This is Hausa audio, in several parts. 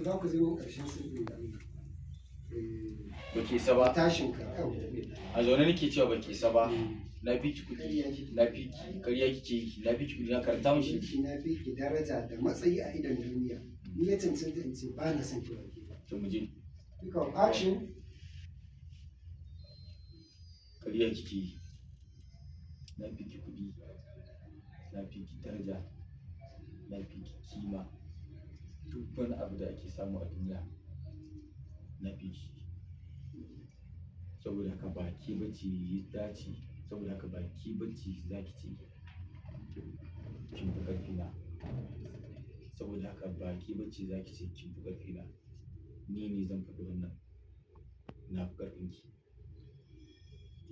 za ku ƙarshen da eh, baki ba tashin ka a zaune nake cewa baki saba eh. na fi ki kuɗi na fi ki kariya yi na fi ki kuɗi na karanta mu shi na fi ki daraja da matsayi a idan duniya ni ya in ce ba na ki baki to mu je action kariya na fi ki na fi ki daraja na fi ki kima duk wani abu da ake samu a duniya na fi shi saboda haka baki ke bace ya dace saboda haka ba bace za ki ce kin fi ƙarfi na saboda haka ba bace za ki ce kin fi ƙarfi na ni ne zan faɗi wannan na fi ƙarfin ki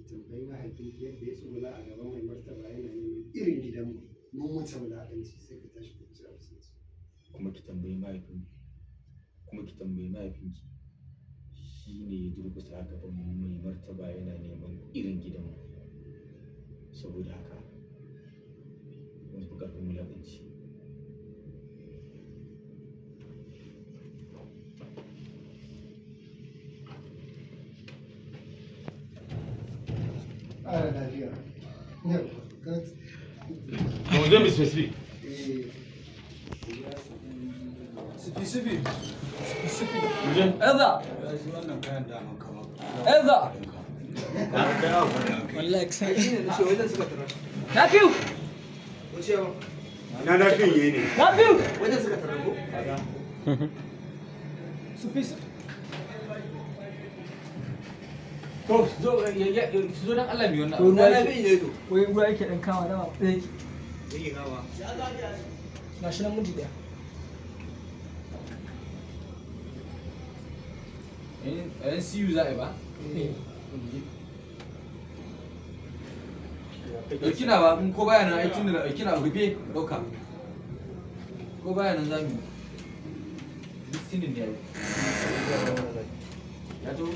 tambayi mahaifinki yadda ya tsula a gaban mai martaba yana neman irin gidanmu mun wuce wulaƙanci sai ka tashi kwanciyar absence kuma ki tambayi mahaifin kuma ki tambayi shi ne ya durkusa a gaban mai martaba yana neman irin gidanmu saboda haka mun fi ƙarfin wulaƙanci Mu je mu specific. specific specific eza eza wallahi sai ne shi wajen suka tarar na fiu wace yawa wajen suka tarar ko specific to zo eh, eh, zo dan Allah mi wannan to ruwa yake ne to wai ruwa yake dama yake yake kawa gashi yan siyu za a yi ba? ɗauki na ba ko baya nan aikin da ɗauki na rufe ɗauka ko baya nan zami sinin ne ya to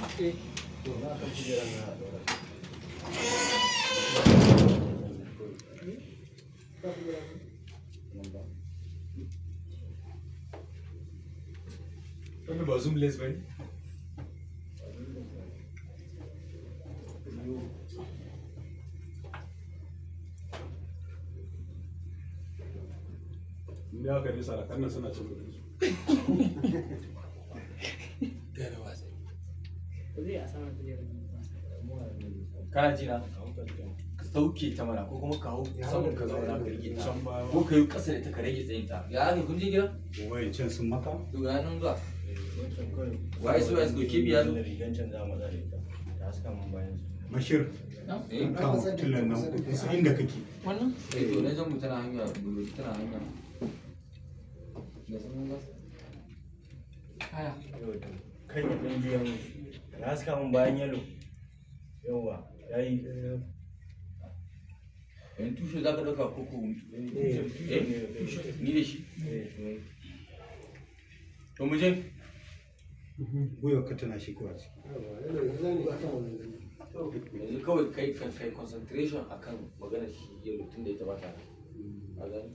Wani ba zoom inda haka ne a nan suna cin kudin su ka sauke ta mana ko kuma kawo saman ka zauna ka rage ta ko ka yi kasa da ta ka rage tsayin ta ya ake kun je gida wai can sun maka to ga nan zuwa eh, wai su wai su goke biya zo rigan can za mu zare ta ta mun bayan su bashir ka mutu nan inda kake wannan eh to zan mutana hanya tana hanya kan yi ɗan biyan na mun bayan yalo yawa ya yi tushe za ka ɗauka koko ni da shi to mu je gwiwa ka tana shi kuwa ciki yanzu kawai kai kan kai concentration a kan maganar shi yalo tun da a gani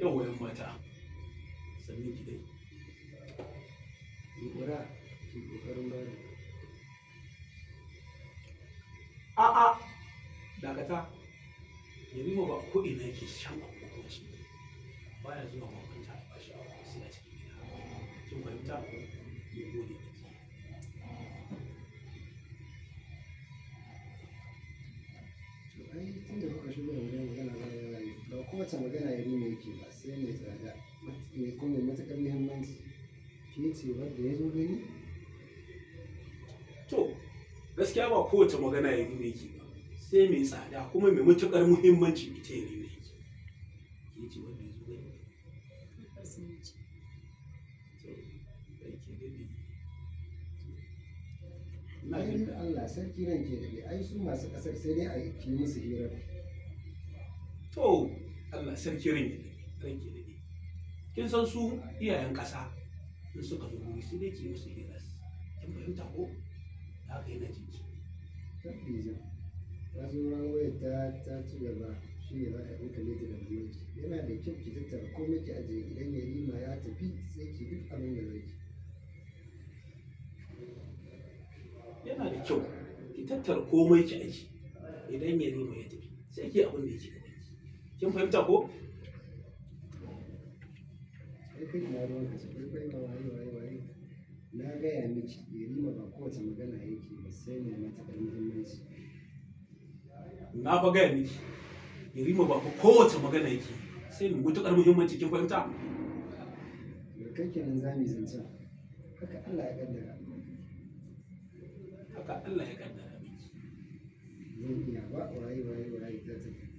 yawa yan mata sannan ki a a dakata yanzu ba ko ina yake shan abubuwan shi baya zuwa makwanta a bashi sai a cikin gida kin fahimta wata magana ya nuna yake ba sai mai tsada mai kuma matuƙar muhimmanci ke ce wadda ya zo gani to gaskiya ba kowace magana ya nuna yake ba sai mai tsada kuma mai matakar muhimmanci ita ya nuna yake ke ce wadda ya zo gani Ainihin Allah sarki ranke da ai su masu kasar sai dai a yi musu hira. To, Allah sarki rin yadda ranke da kin san su iyayen ƙasa in suka zo guri su ne ke musu hiras kin fahimta ko da haka yana jinki ta zo rawaya ta ta ci gaba shi ne za ka yi kalle ta da yana da kyau ki tattara ko miki aje idan ya rima ya tafi sai ki duk abin da zai yana da kyau ki tattara komai ki aji idan ya rima ya tafi sai ki abin da ci gaba kin fahimta ko na gaya miki yarima ba kowace magana yake ba sai ne matuƙar muhimmanci na ba gaya miki yarima ba kowace magana yake sai ne matuƙar muhimmanci kin fahimta kake nan za mu zance haka Allah ya kaddara haka Allah ya kaddara miki zan iya ba waye waye waye ta tafi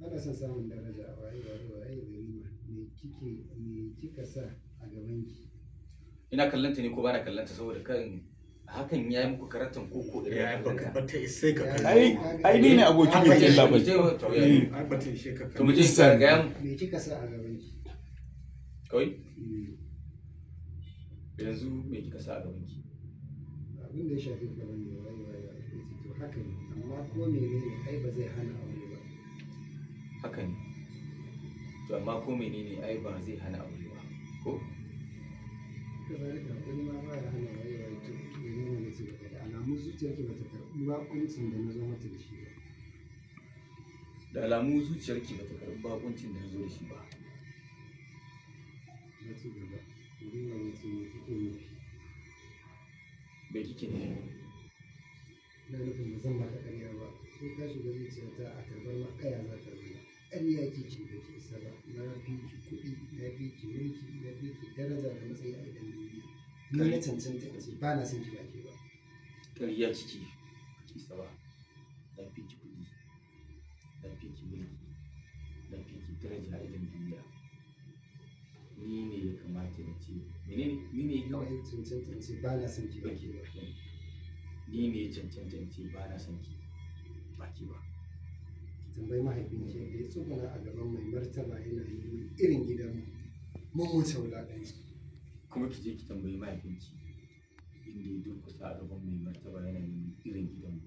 marasa samun daraja a waye waye me kike me kika sa a gaban ki ina kallanta ne ko ba na kallanta saboda kan hakan ya yi muku karatun koko da ya baka bata ise ka kai ai ni ne aboki mai ke ba ai bata ka sa a gaban ki kai yanzu me kika ne ai ba zai hana haka ne to amma ko menene ai ba zai hana aure ba ko alamun zuciyarki ba ta karɓi bakuncin da na zo mata da shi ba da alamun zuciyarki ba ta karɓi bakuncin da na zo da shi ba na ci gaba idan na mutu ne kike nufi bai kike ne na nufin ba zan ba ta ƙarya ba sun tashi da ta a karɓar ma ƙaya za ta zo ƙarya ke ce da ke saba na fi ki kuɗi na fi ki mulki na fi ki daraja da matsayi a idan duniya ni na cancanta in ce ba na son ki ba ke ba ƙarya kike ki saba na fi ki kuɗi na fi ki mulki na fi ki daraja a idan duniya ni ne ya kamata in ce menene ni ne ya kamata in cancanta in ce ba na son ki ba ke ba ni ne ya cancanta in ce ba na son ki ba ke ba tambayi mahaifinki da ya tsuguna a gaban mai martaba yana neman irin gidan mun wuce wulaƙanci kuma ki je ki tambayi mahaifinki inda ya durkusa a gaban mai martaba yana neman irin gidan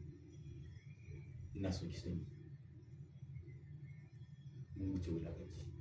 ina so ki sani mun wuce wulaƙanci